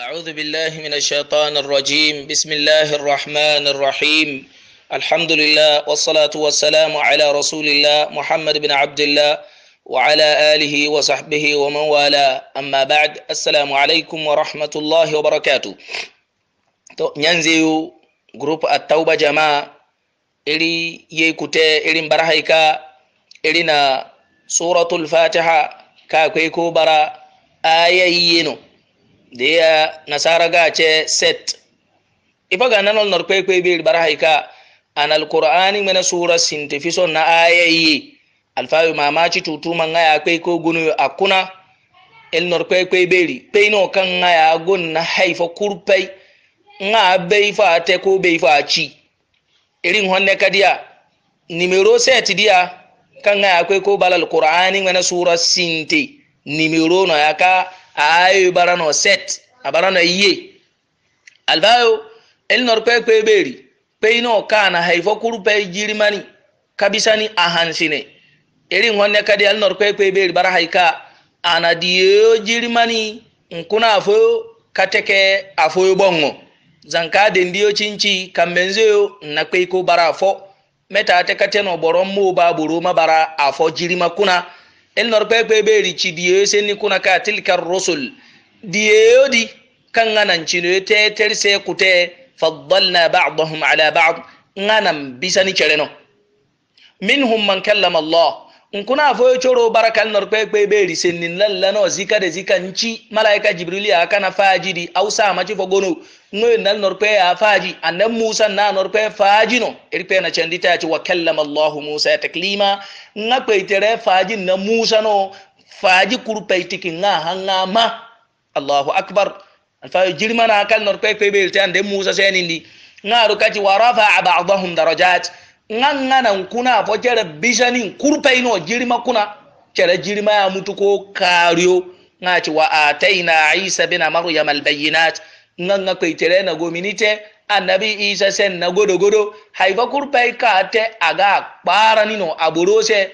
أعوذ بالله من الشيطان الرجيم بسم الله الرحمن الرحيم الحمد لله والصلاة والسلام على رسول الله محمد بن عبد الله وعلى آله وصحبه ومن والاه أما بعد السلام عليكم ورحمة الله وبركاته ننزيو جروب التوبة جماعة إلي يكوتي إلي مبرهيكا إلينا سورة الفاتحة كاكويكو برا آيينو آية deya nasara ga ce set ifa ga nanol nor kwekwe bir barahika an alqur'ani mana sura sintifiso na ayayi alfayu mamaci tutuma ngaya kwe ko gunu akuna el nor kwekwe beri no kan ngaya gun na haifa kurpai nga bei fa te ko bei fa ci irin honne kadiya numero set diya kan ngaya kwe ko balal qur'ani mena sura sinti numero no ka. ayo bara no set abara na ye albayo el pe pe beri pe ka kana haifo kuru pe jirimani kabisani ahansine eri wonne kadi el pe pe beri bara haika ana diyo jirimani nkuna afo kateke afo bongo zanka de ndiyo chinchi kambenzeo na pe ko bara afo meta te kateno borom mo ba buru ma bara afo jirima kuna In ri bai ɓeeri cidiyeyo ni kuna ka tilka rusul diyeyo di kan ganan no te ter se kute faddalna ba'dhum ala bad ganan bisani cereno minhum man kallama allah nkuna afo choro coro nor kwe kwe be risenni lalla no zika de zika nchi malaika jibril ya kana ausa au sa machi fogono ngoy nal nor kwe ya faji nan musa na nor kwe faji no irpe na chandi ta ci wa allah musa taklima nga kwe tere faji na musa no faji kurpe tiki nga hanga ma allahu akbar jirma jirmana kal nor kwe kwe be tan e de musa senindi nga ru kati wa rafa darajat ŋaŋanan kuna fo cere bisanin ino jirima kuna cere jirima ya mutu ko kariyo ŋa ci wa ataina isa bina maryam albayinat ŋaŋa kwei tere na gominite annabi isa sen na godogodo haifa kurpei ka te aga kparanino aborose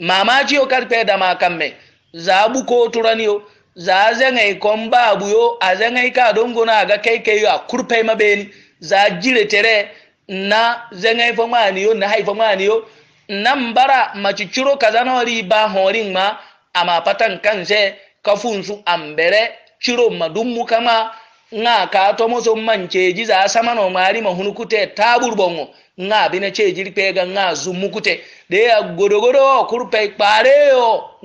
mamaciyo karpe dama kamme zabu ko turaniyo za zeŋei kon babuyo a zeŋei ka dongona aga keikeyo a kurpei mabeni za jire tere na zenga ifo mani yo na haifo mani yo na mbara machichuro kazana wali ba horin ma ama patan kanse kafunsu ambere chiro Madu kama nga ka tomo so manche jiza sama no mari ma hunukute tabur bongo nga bine che jiri nga zumukute de ya godogodo kurpe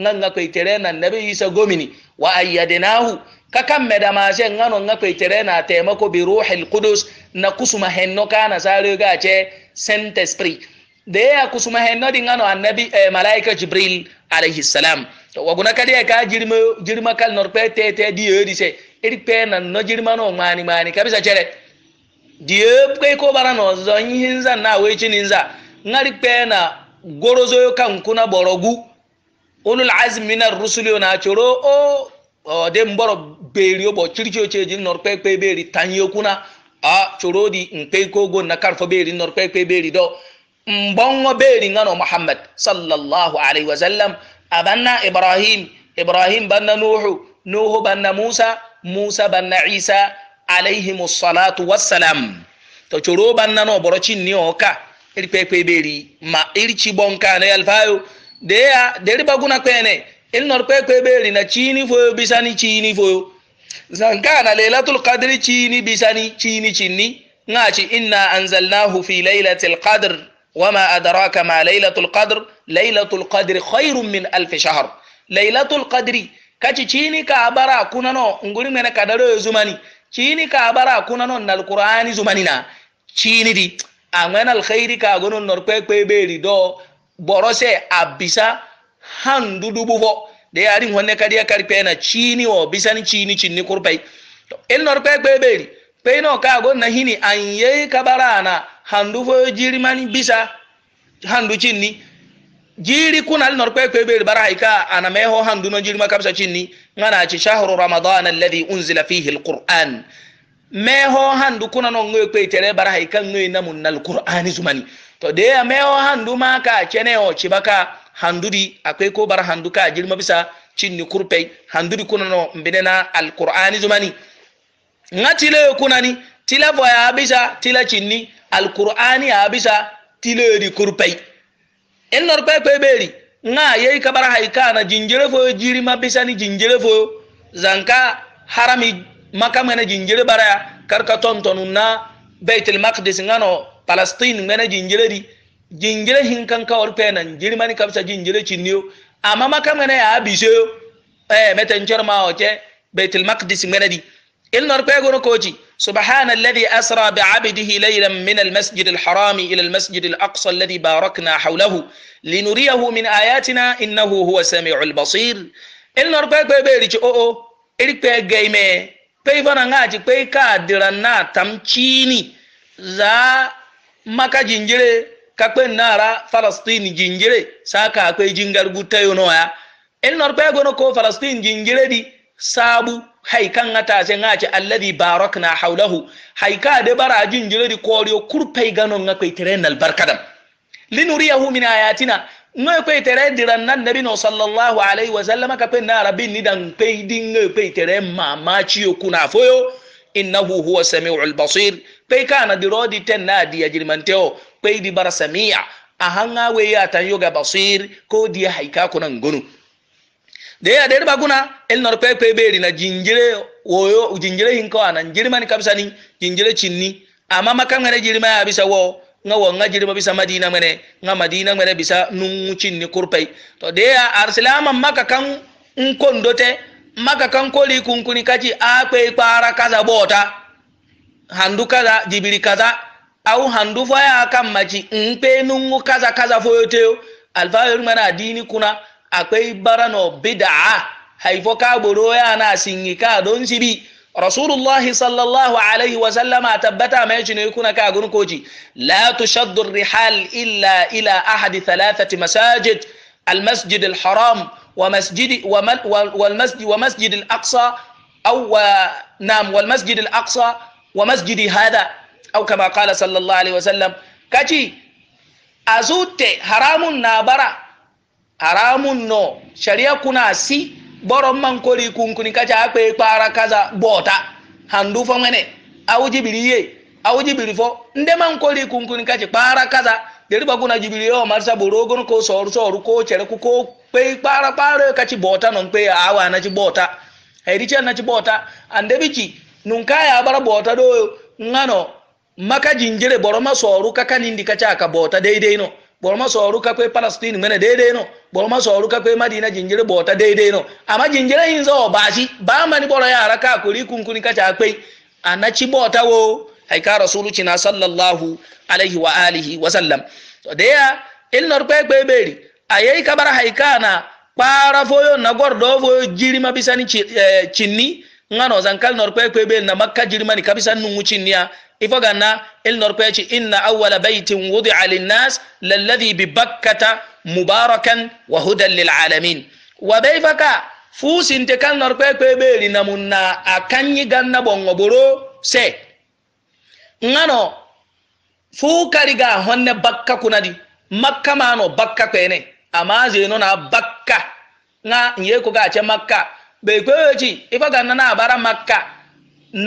nga nga kwe na isa gomini wa ayyadnahu kakamme da mashe ngano nga kwaitere na taimako bi ruhil kudus na kusuma henno kana sare ga ce saint esprit da ya kusuma henno din ngano annabi eh, malaika jibril alaihi salam to waguna kadi ka jirma jirma kal norpe tete di yodi se iri pe na no jirma no mani mani kabisa chere di ko barano zon hinza na wechi ninza ngari pe na gorozo yo kankuna borogu ulul azmi na rusuli na choro o ode oh, mboro beeri obo cirki oce jin nor beri. beeri tanyo kuna a corodi nkpei kogo na karfo beeri nor kpekpe beeri do mbongo beeri ngano muhammad sallallahu alaihi wasallam abanna ibrahim ibrahim banna nuhu nuhu banna musa musa banna isa alayhim salatu wassalam to coro banna no boro cinni o ka iri kpekpe beri ma iri cibon kane alfayo deya deri baguna kpene ilnor kwekwe ɓeri na cini foyo bisani cini foyo zanka na lailatul qadri cini bisani cini cinni ngaci inna anzalnahu fi lailatul qadr wama adraka ma lailatul qadr lailatul qadri khairun min alfi shahr lailatul qadri kaci cini ka bara kunano nguri mene kadaro zumani cini ka bara kunano nal qur'ani zumani na cini di angwen alkhairi ka gonon nor kwe ɓeri do borose abisa handu dubu fo de yarin honne kadi yakari pena chini o bisani chini chinni kurpai to el nor pe pe beri pe no ka go na hini an ye kabarana handu fo jirimani bisa handu chinni jiri kuna al nor pe pe beri bara haika ana me ho handu no jirima kabsa chinni ngana ci shahru ramadan alladhi unzila fihi alquran meho handu kuna no ngoy kwe tere bara haika ngoy namun alqur'ani zumani to de meho handu maka cheneo chibaka handuri akwai ko bar handuka a girma bisa cinni kurfai handuri kuna no mbine na al'kur'ani zumani nga tile kuna ni tila voya bisa tila cinni al'kur'ani a bisa tile di kurfai en nor pe kwai beri nga yei kabar haika na jinjere fo jiri bisa ni jinjere fo zanka harami maka na jinjere bara karka tonton na baitul maqdis ngano palestine ngana jinjire di jingire hin kan kawar fenan girman kamsa jingire cinniyo amma maka mana ya bise eh meten charma oke baitul maqdis mana di il asra bi abdihi laylan min al harami ila al masjid al aqsa alladhi barakna hawlahu min ayatina innahu huwa samiul basir il nor pego be ri ci o o ka diranna za maka jingire kakpe nara falastine jingire saka akwai jingar gutayo noya el nor ko Falasɗin jingire di sabu hay kan ngata se ngace alladhi barakna hawlahu hay ka de bara jingire di koriyo kurpay gano ngakpe terenal barkadam linuriyahu min ayatina ngoy kpe tere diran nan nabi no sallallahu alaihi wasallam kakpe nara bin ni dan kpe dinge kpe tere mama ciyo kuna foyo innahu huwa samiul basir kpe kana dirodi ten na di ajirmanteo kpeidi bara samia ahanga we ya tan yoga basir ko dia haika kunan gonu da ya da riba guna el nor pe pe beri na jingire woyo jingire hinko anan jirma ni kabisa ni jingire chinni amma makan ngare jirma ya bisa wo nga wo nga jirma bisa madina mene nga madina mene bisa nungu chinni kurpai to da ya arsilama maka kan nkondote maka kan koli kunkuni kaci a kwe kpara kaza bota handu kaza jibiri kaza au handu voya kam maji in nungu kaza kaza foyo teo alfahiru mana dini kuna akwai barano bid'a haifo ka boro ya na singi ka don sibi rasulullahi sallallahu alaihi wa sallama tabbata mai cine kuna ka gun koji la tushaddu rihal illa ila ahadi thalathati masajid المسجد الحرام ومسجد والمسجد ومسجد الأقصى أو نعم والمسجد الأقصى ومسجد هذا au kama qala sallallahu alaihi wasallam kaci azute haramun na bara haramun no sharia kuna si boron man kori kunkuni kaci akpe kpara kaza bota handu fo mene jibiriye, ye awujibiri fo nde man kori kunkuni kaci kpara kaza deri baguna jibiri yo marsa borogon ko soru soru ko chere ku ko pe kpara kpara kaci bota non pe awa na ci bota heri chen na ci bota ande biki nun kaya bara bota do ngano maka jingire boroma soru kaka nindi kacha ka bota daidai no boroma soru ka kwe palestine mene daidai no boroma soru ka kwe madina jingire bota daidai no Ama jingire yin zo bashi ba mani boro yara ka kuri kunkuni kacha kwe anachi bota wo haika rasulu cina sallallahu alaihi wa alihi wa sallam so deya ilnor kwe kwe beri ayai kabara haika na kpara foyo na gordo foyo jiri jirima bisani eh, chinni ngano zankal nor kwe kwe beri na makka jirima ni kabisa nungu chinniya ifo ganna inna awwala baitin wudi'a linnas lalladhi bi bakkata mubarakan wa hudan lil alamin wa bai faka fusinte kan norpekpe namunna a kanyi ganna ɓongo ɓoro se ngano fuu kariga honne bakka kunadi makka mano bakka kwene amma zeno na bakka nga nye ko gace makka ɓe kweyoci ifa ganna na bara makka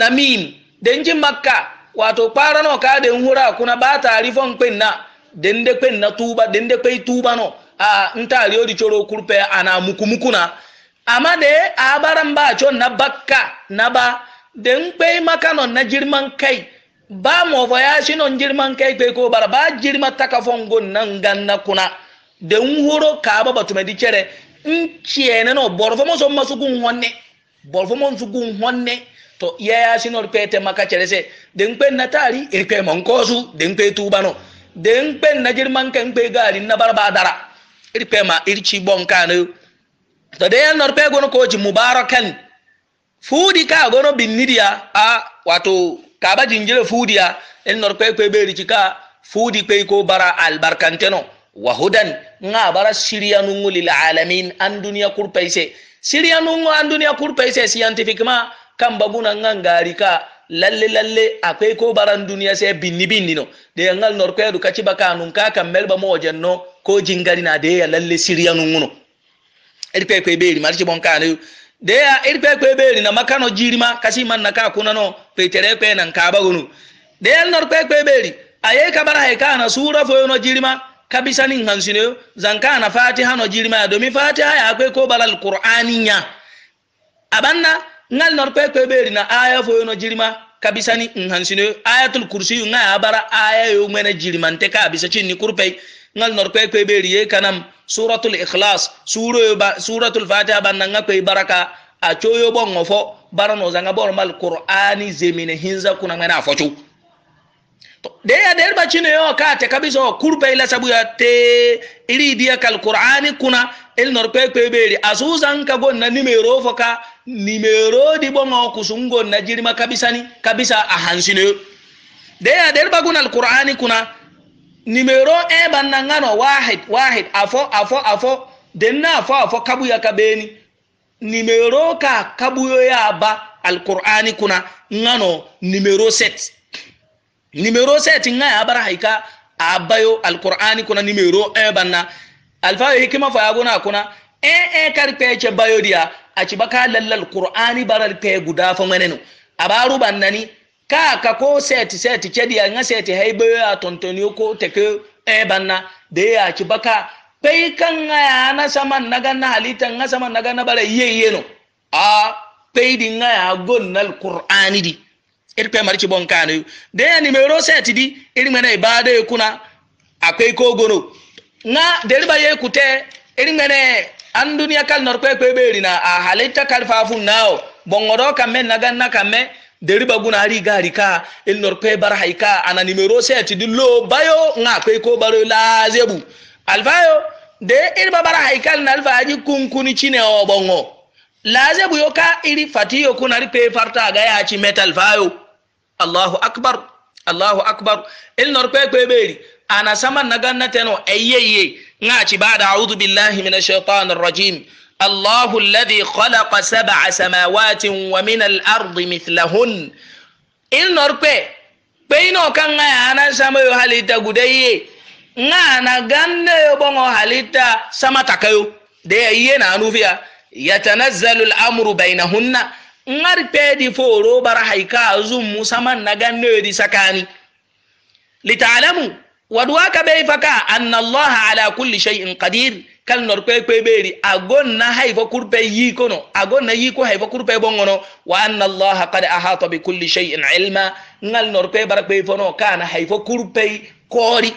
namim denji makka wato para no ka den hura kuna ba tarifon kwenna den de kwenna tuba den de kwe tuba no a ntari odi choro kurpe ana mukumukuna amma da a baran ba con na bakka na ba den kwe maka no na jirman kai ba mo ya shi non jirman kai kwe ko bara ba jirma takafon gon nan ganna kuna den huro ka ba batume di chere nchiene no borfo mo so masu gun honne borfo mo su gun honne to iya ya yaya sinor pete maka cerese den kpen na tari irpe monkosu den kpe tubano den kpen na jirman kan kpe gari na barba dara iri irpe ma iri irci bon kanu to de yan norpe gono koji mubarakan fudi ka gono binnidiya a wato kaba jinjira ya en norpe kpe beri cika fudi kpe ko bara albarkanteno wa hudan nga bara siriyanungu lil alamin an duniya kurpaise siriyanungu an duniya kurpaise ma. kan baguna ngan gari ka lalle lalle akwai ko baran duniya sai binni binni no de ngal nor ko edu kaci baka nun ka kan melba mo jenno ko jingari na de ya lalle siriya nun uno irpe ko beeri marci bon ka ne de ya irpe ko beeri na makano jirima kasi man na ka kuna no pe tere ko nan ka bagunu de ya nor ko ko beeri aye ka bara he ka na sura fo no jirima kabisa ni hansino zanka na fatiha no jirima domin fatiha ya akwai ko balal qur'aninya abanna ngal nor kwe kwe beri na aya fo no jirima kabisani nhansino ayatul kursi nga ya bara aya yo mene jirima nte ka bisa chinni kurpei ngal nor kwe kwe beri ye kanam suratul ikhlas suro ba suratul fatiha ban nga kwe baraka a choyo bongo fo barano zanga bor mal qur'ani zemine hinza kuna mena afochu da ya da ba cine yawa ka ta kabisa wa kurbe la sabu ya te iri diya kal qur'ani kuna il norpe kweberi azuzan ka gonna ni me rofa ka nimerodi bongo kusungo na jirima kabisa ni kabisa ahansine deya der bagun alqur'ani kuna nimero e banangano wahid wahid afo afo afo denna afo afo kabu ya kabeni nimero ka kabu ya ba alqur'ani kuna ngano nimero set nimero set nga ya bara haika abayo alqur'ani kuna nimero e banna alfa hikima fa yaguna kuna e e karpeche bayodia a aci baka lallal qur'ani baral pe guda fa manenu abaru bannani ka ka ko seti seti kedi a nga seti haibe a tontoni ko teke e banna de ya ci baka pei kan ya na sama naga na halita nga sama naga na bara yeye no a pei di nga ya gonnal qur'ani di iri e pe marci bon kanu de ya ni mero seti di iri e mena ibada kuna akwai ko gono nga deriba ye kute iri e mena an duniya kal nor kwe kwe beri na a halitta kal fafun nao bongoro kamme nagan na kamme deri baguna ari gari ka il nor kwe bar haika ana numero set di lo bayo nga kwe ko baro la zebu alfayo de il babar haikal na alfaji kunkuni chine o bongo la zebu yo ka iri fatiyo kuna ri kwe farta ga ya ci metal fayo allahu akbar allahu akbar il nor kwe kwe beri ana saman nagan na teno eyeye ناتي بعد أعوذ بالله من الشيطان الرجيم الله الذي خلق سبع سماوات ومن الأرض مثلهن إن نرقى بينو كان أنا سامي هاليتا غدي نانا غنى يبون هاليتا سما تكيو دي أينا نوفيا يتنزل الأمر بينهن نرقى دي فورو برا هيكا زم سما نغنى دي سكاني لتعلموا waduwaka ɓey faka anna allaha ala culli cheyin qadir kal nor kwe kwe ɓeeri agonna hay fo kurpe yikono agonna yiko hay fo kurpe bongono wa anna allaha kad ahata bi culli cheyin ilma ngal nor kwe bara kwe fono kana hay fo kurpey koori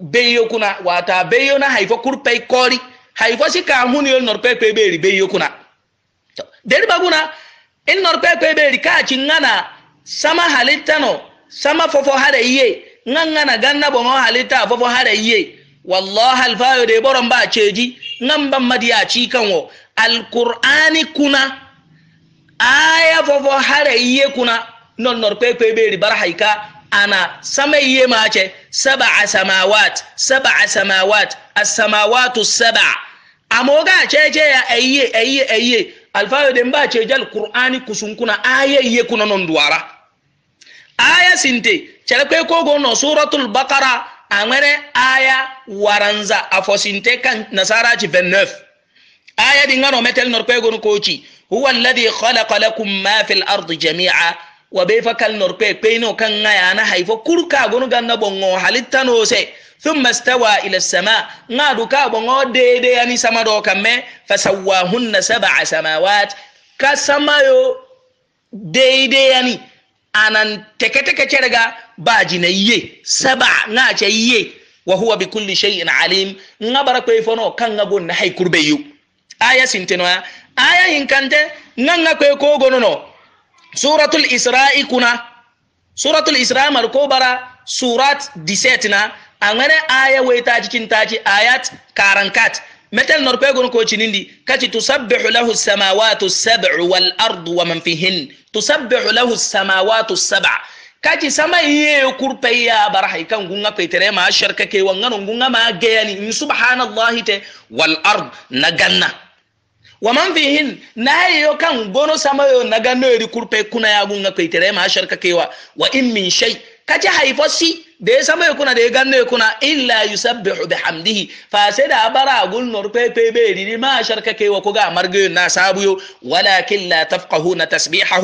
beyo kuna wata beyona hay fo kurpey koori hay fo sika huniyol nor kwe kwe ɓeeri beyo kuna deri baguna in nor kwe kwe kaci ngana sama halittano sama fofo hada yiye ngangana ganna bomo halita fo fo iye wallahi alfayo de boron ba ceji nan ban madiya ci kanwo alqur'ani kuna aya fo fo iye kuna non nor pepe beri barhaika ana sama iye ma ce sab'a samawat sab'a samawat as-samawatu sab'a amoga cece ya ayye ayye ayye alfayo de ba ceji alqur'ani kusun kuna aya iye kuna non duwara aya sinte cɛrɛkpe kogo nɔ suratul bakara a aya waranza a fɔsinte kan nasara ci 29 aya di ŋa nɔ mɛtɛli nɔrɔkpe gonu ko huwa alladhi khalaqa lakum ma fil ardi jami'a wa be fa kal kan ŋa na haifo kurka gonu na bɔŋɔ halitta no se thumma stawa ila sama ŋa duka ka bɔŋɔ ani sama dɔ kan fasawahunna sab'a samawat ka sama yo deede yani. anan teke-teke cerga ba na ye, saba nga ce iye wa huwa bi kulli shay'in alim nga bara kwe fono kan nga gon na kurbe yu aya sinteno ya aya kante, nga nga kwe ko no suratul isra'i kuna suratul isra'i mar ko bara surat 17 na an aya wai ta cikin taci ayat karankat metel nor pe gon ko cinindi kati tusabbihu lahu as-samawati as wal ardu wa man fihin tusabbihu lahu as-samawati saba kati sama ye kurpe ya barahi kan gunga petere ma sharka ke wangano gunga ma gayani in subhanallahi te wal ard na wa man fihin na yo kan gono sama yo na ganno ri kurpe kuna ya gunga petere ma sharka ke wa wa in min shay' ci haifosi da ya sama kuna, da ya ganna yakuna illa yusabbihu bihamdihi fa sai da bara gul nur pepe be riri ma sharka kai wa kuga margayo na sabuyo walakin la tafqahuna tasbihahu